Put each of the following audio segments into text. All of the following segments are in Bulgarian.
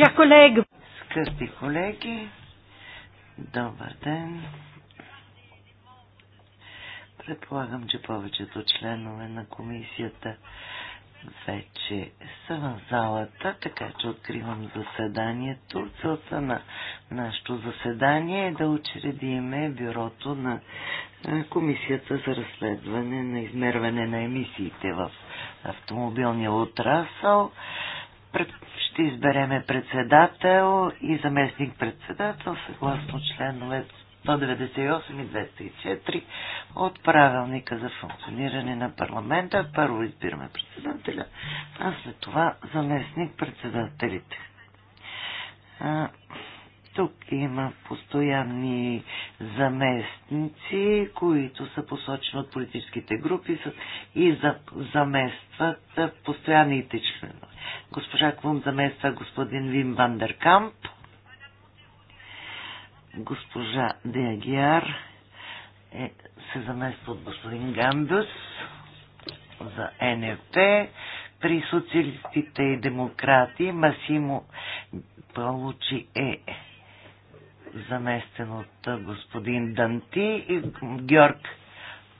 Chers колега. Скъпи колеги, добър ден. Предполагам, че повечето членове на комисията вече са в залата, така че откривам заседанието. Целта на нашето заседание е да учредиме бюрото на е, Комисията за разследване на измерване на емисиите в автомобилния отрасъл ще избереме председател и заместник председател съгласно членове 198 и 204 от правилника за функциониране на парламента. Първо избираме председателя, а след това заместник председателите. тук има постоянни заместници, които са посочени от политическите групи и заместват постоянните членове. Госпожа Клун замества господин Вим Вандеркамп. Госпожа Деагиар е, се замества от господин Гамбюс за НФТ. При социалистите и демократи Масимо Палучи е заместен от господин Данти и Георг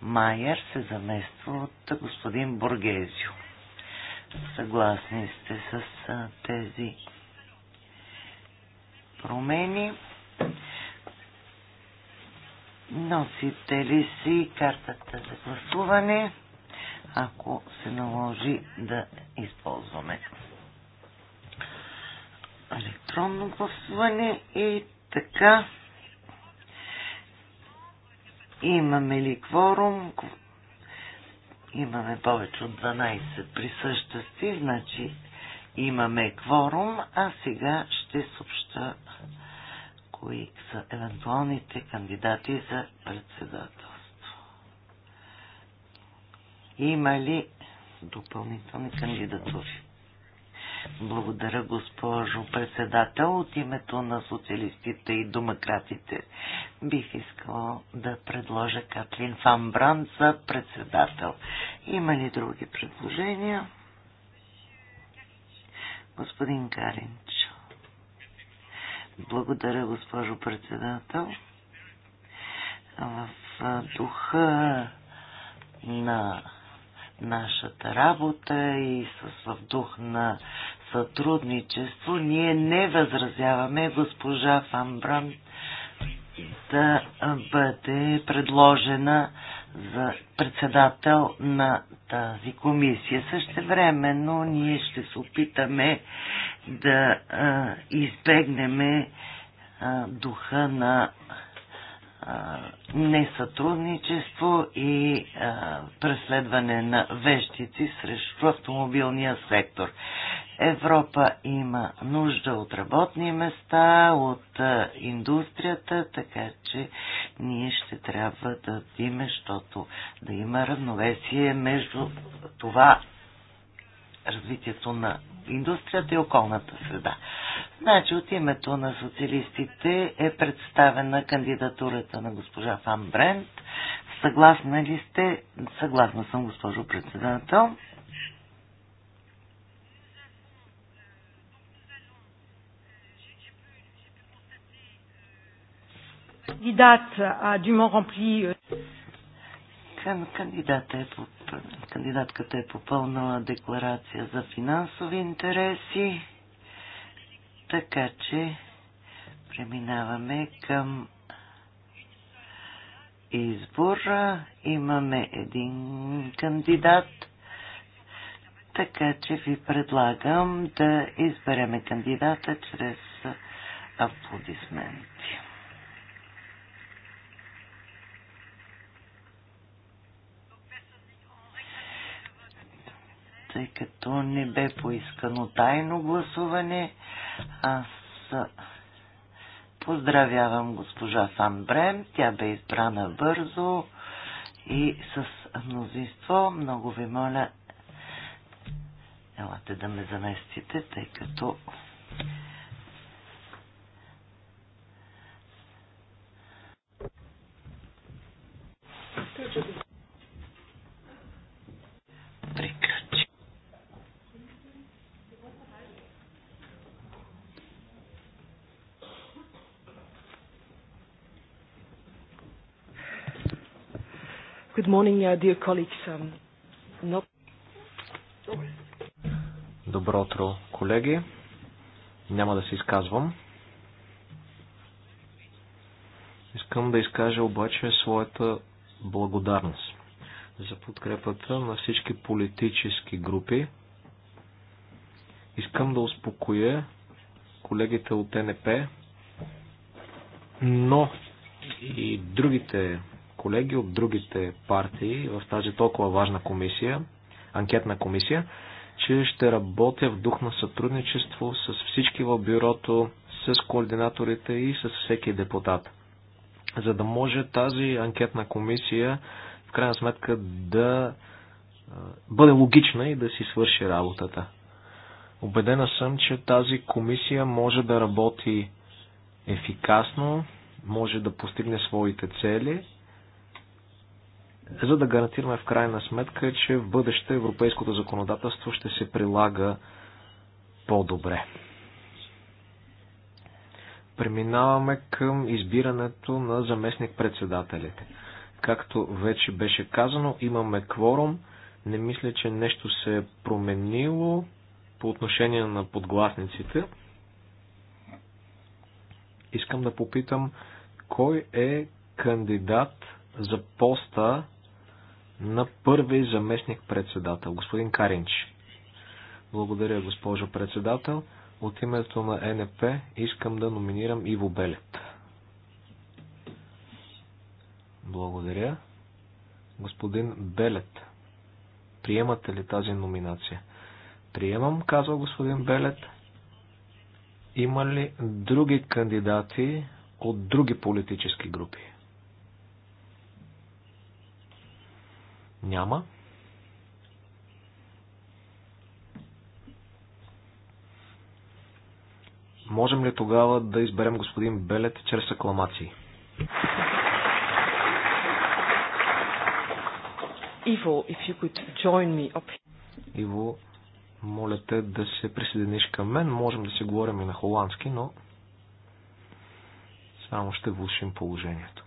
Майер се замества от господин Бургезио съгласни сте с тези промени. Носите ли си картата за гласуване, ако се наложи да използваме електронно гласуване и така имаме ли кворум, имаме повече от 12 присъщащи, значи имаме кворум, а сега ще съобща кои са евентуалните кандидати за председателство. Има ли допълнителни кандидатури? Благодаря, госпожо председател. От името на социалистите и демократите бих искала да предложа Катлин Фамбран за председател. Има ли други предложения? Господин Каринч. Благодаря, госпожо председател. В духа на нашата работа и с, в дух на сътрудничество. Ние не възразяваме госпожа Фамбран да бъде предложена за председател на тази комисия. но ние ще се опитаме да а, избегнем а, духа на а, несътрудничество и а, преследване на вещици срещу автомобилния сектор. Европа има нужда от работни места, от индустрията, така че ние ще трябва да бдиме, защото да има равновесие между това развитието на индустрията и околната среда. Значи от името на социалистите е представена кандидатурата на госпожа Фан Брент. Съгласна ли сте? Съгласна съм, госпожо председател. Кандидат Дюмон Рампли. Кандидата е по кандидатката е попълнала декларация за финансови интереси, така че преминаваме към избора. Имаме един кандидат, така че ви предлагам да избереме кандидата чрез аплодисменти. тъй като не бе поискано тайно гласуване. Аз поздравявам госпожа Сан Брем. Тя бе избрана бързо и с мнозинство. Много ви моля, елате да ме заместите, тъй като Good morning, uh, dear colleagues. Um, not... Добро утро, колеги. Няма да се изказвам. Искам да изкажа обаче своята благодарност за подкрепата на всички политически групи. Искам да успокоя колегите от НП, но и другите колеги от другите партии в тази толкова важна комисия, анкетна комисия, че ще работя в дух на сътрудничество с всички в бюрото, с координаторите и с всеки депутат. За да може тази анкетна комисия в крайна сметка да бъде логична и да си свърши работата. Обедена съм, че тази комисия може да работи ефикасно, може да постигне своите цели за да гарантираме в крайна сметка, че в бъдеще европейското законодателство ще се прилага по-добре. Преминаваме към избирането на заместник-председателите. Както вече беше казано, имаме кворум. Не мисля, че нещо се е променило по отношение на подгласниците. Искам да попитам, кой е кандидат за поста на първи заместник председател, господин Каринч. Благодаря, госпожо председател. От името на НП искам да номинирам Иво Белет. Благодаря. Господин Белет, приемате ли тази номинация? Приемам, казва господин Белет. Има ли други кандидати от други политически групи? Няма. Можем ли тогава да изберем господин Белет чрез акламации? Иво, if you could join me up. Иво, моля те да се присъединиш към мен. Можем да се говорим и на холандски, но само ще влушим положението.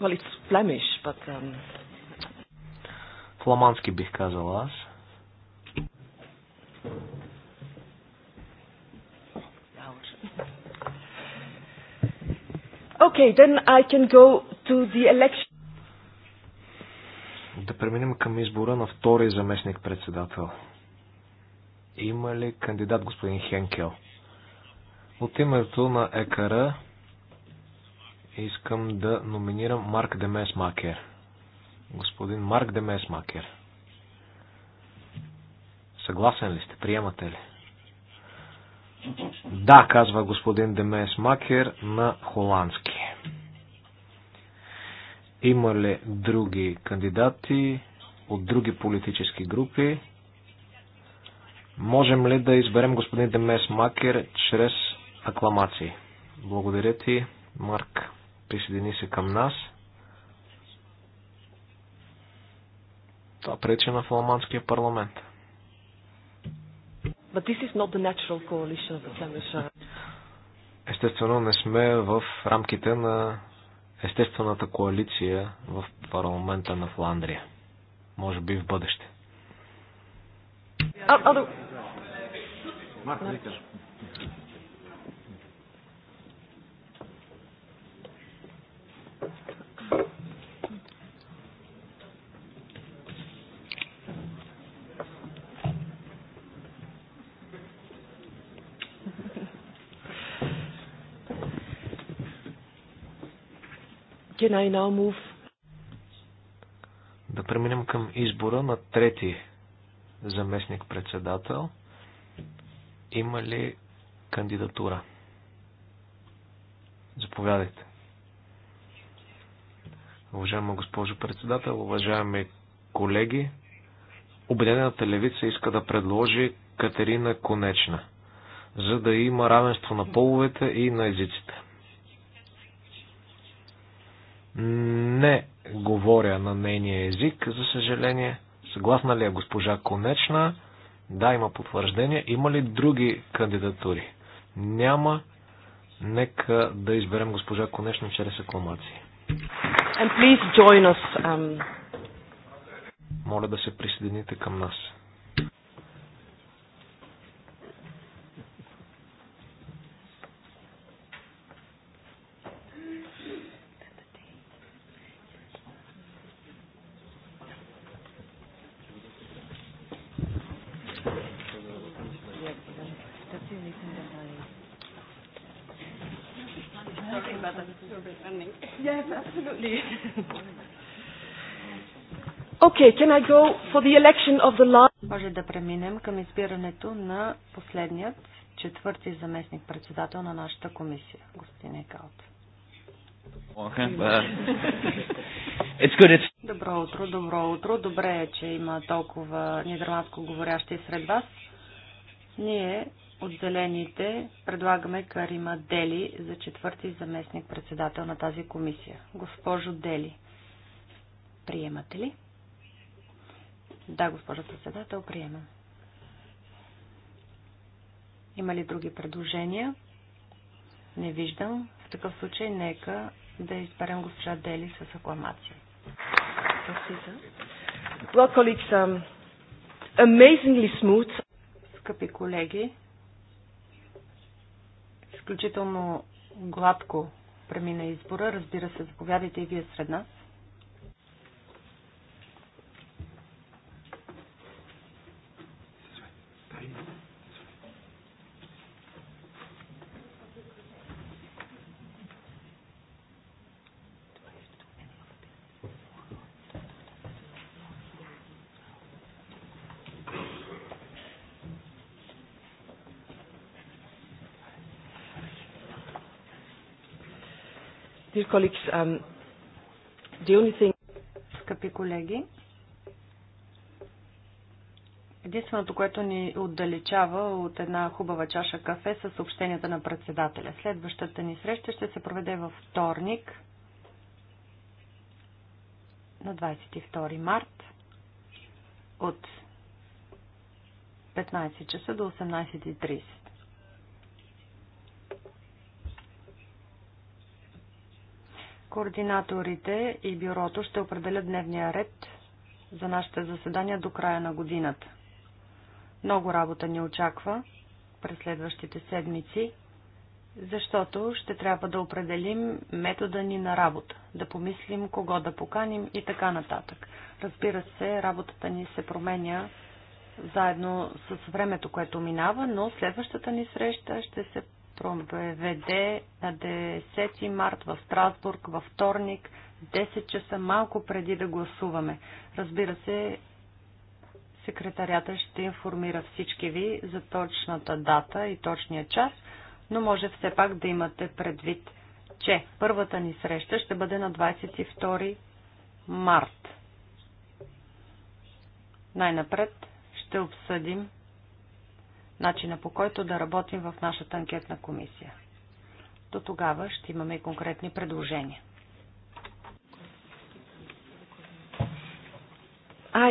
Well, it's Flemish, but... Um... Фламандски бих казал аз. Okay, then I can go to the election. Да преминем към избора на втори заместник председател. Има ли кандидат господин Хенкел? От името на ЕКР искам да номинирам Марк Демес Макер. Господин Марк Демес Макер. Съгласен ли сте? Приемате ли? Да, казва господин Демес Макер на холандски. Има ли други кандидати от други политически групи? Можем ли да изберем господин Демес Макер чрез акламации? Благодаря ти, Марк присъедини се към нас. Това пречи на фламандския парламент. Естествено, не сме в рамките на естествената коалиция в парламента на Фландрия. Може би в бъдеще. А, а, да... Марк Литър. Can I now move? Да преминем към избора на трети заместник-председател. Има ли кандидатура? Заповядайте. Уважаема госпожо председател, уважаеми колеги, Обединената левица иска да предложи Катерина Конечна, за да има равенство на половете и на езиците. Не говоря на нейния език, за съжаление. Съгласна ли е госпожа Конечна? Да, има потвърждение. Има ли други кандидатури? Няма. Нека да изберем госпожа Конечна чрез акламации. And please join us. Um... Моля да се присъедините към нас. Absolutely. Okay, can I go for the election of the last... Може да преминем към избирането на последният четвърти заместник председател на нашата комисия, господин Екалт. Добро утро, добро утро. Добре е, че има толкова нидерландско говорящи сред вас. Ние от зелените предлагаме Карима Дели за четвърти заместник председател на тази комисия. Госпожо Дели, приемате ли? Да, госпожо председател, приемам. Има ли други предложения? Не виждам. В такъв случай нека да изберем госпожа Дели с акламация. Well, colleagues, um, amazingly smooth. Скъпи колеги, изключително гладко премина избора. Разбира се, заповядайте и вие сред нас. Um, Скъпи колеги, единственото, което ни отдалечава от една хубава чаша кафе са съобщенията на председателя. Следващата ни среща ще се проведе във вторник на 22 март от 15 часа до 18.30. Координаторите и бюрото ще определят дневния ред за нашите заседания до края на годината. Много работа ни очаква през следващите седмици, защото ще трябва да определим метода ни на работа, да помислим кого да поканим и така нататък. Разбира се, работата ни се променя заедно с времето, което минава, но следващата ни среща ще се БВД на 10 март в Страсбург във вторник 10 часа малко преди да гласуваме. Разбира се, секретарята ще информира всички ви за точната дата и точния час, но може все пак да имате предвид, че първата ни среща ще бъде на 22 март. Най-напред ще обсъдим начина по който да работим в нашата анкетна комисия. До тогава ще имаме и конкретни предложения.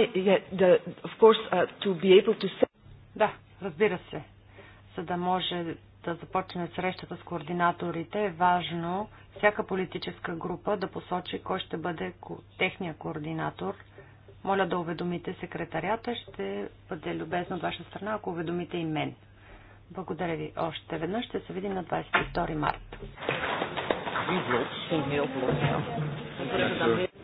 I, yeah, the, of course, uh, to be able to say... Да, разбира се. За да може да започне срещата с координаторите, е важно всяка политическа група да посочи кой ще бъде техния координатор – моля да уведомите секретарята. Ще бъде любезно от ваша страна, ако уведомите и мен. Благодаря ви още веднъж. Ще се видим на 22 марта.